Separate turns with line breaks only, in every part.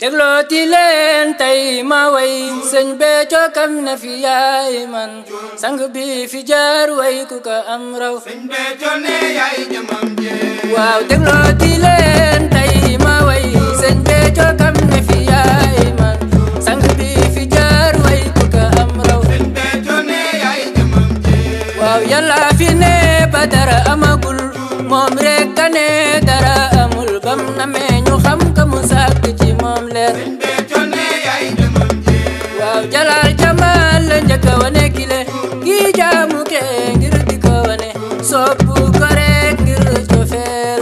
déglooti leen tey ma way sëñ Béthio kam na fi yaay man sang bi fi jaar way ku ko am raw sëñ Béthio ne yaay jëmam jee waaw déglooti leen tey ma way sëñ Béthio kam na fi yaay man sang bi fi jaar am raw ci moom leer waaw jalaal jamaal la njëkk a kile gi jaamu kee ngir di ko wane soppu ko rek ngir ko feel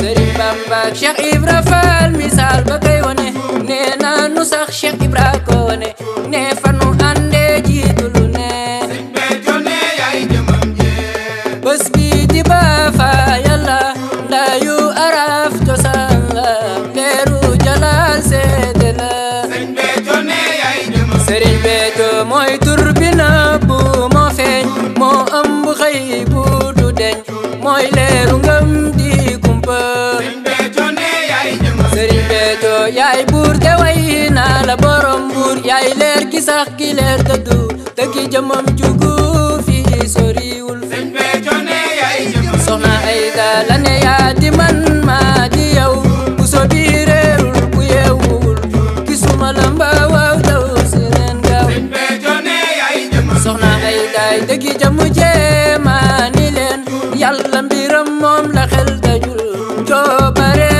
Serigne Bamba Cheikh Ibra Fall sax ki leer tëddu dëggi jëmam jugu fi soriwul sëñ be jone yaay jëmam soxna ay da la ne yaa di man maa di yow bu so bi réerul bu yeewul gisuma la mbaa waaw daw seneen gaaw sëñ be jone yaay jëmam soxna ay daay dëggi jëmu jee maa ni leen yàlla mbiram moom la xel dajul coobare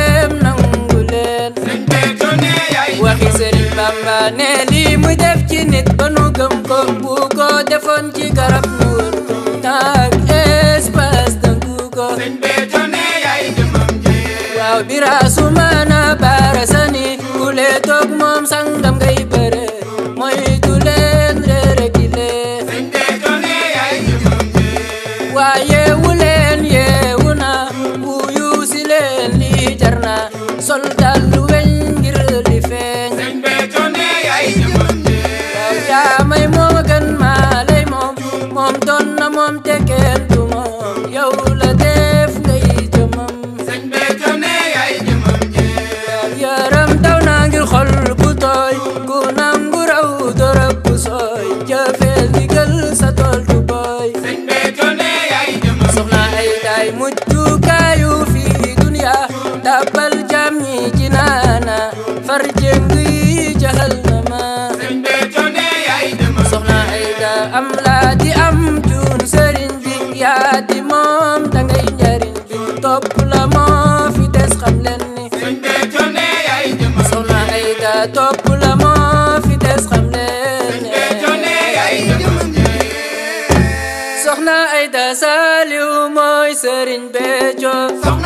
waxi Sëriñ Bamba ne lii muy def nit ba nu gëm ko bu ko defoon ci garab mu wër taag espace dënku ko. sëñ bee jone yaay jëmam jee. waaw يمدك يوفي دنيا داب الجميع جنانا فرجني جهنما soxna ay da am laa di am jur sëriñ bi yaa di moom dangay njariñ bi topp la moo fi des xam leen ni soxna ay da topp la moo fi des xam leen ni soxna ay da saa in bed, yo.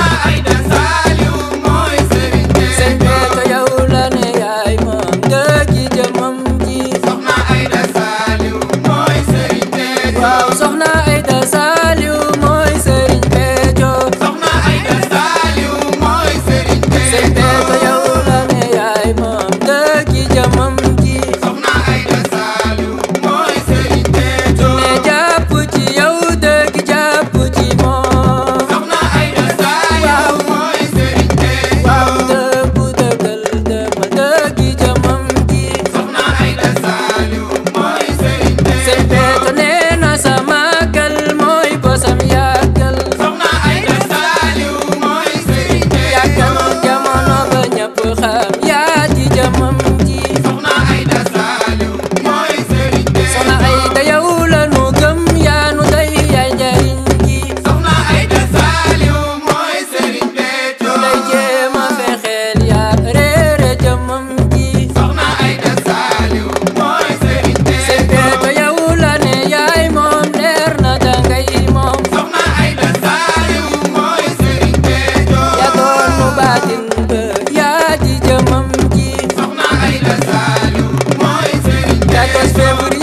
Papas favorite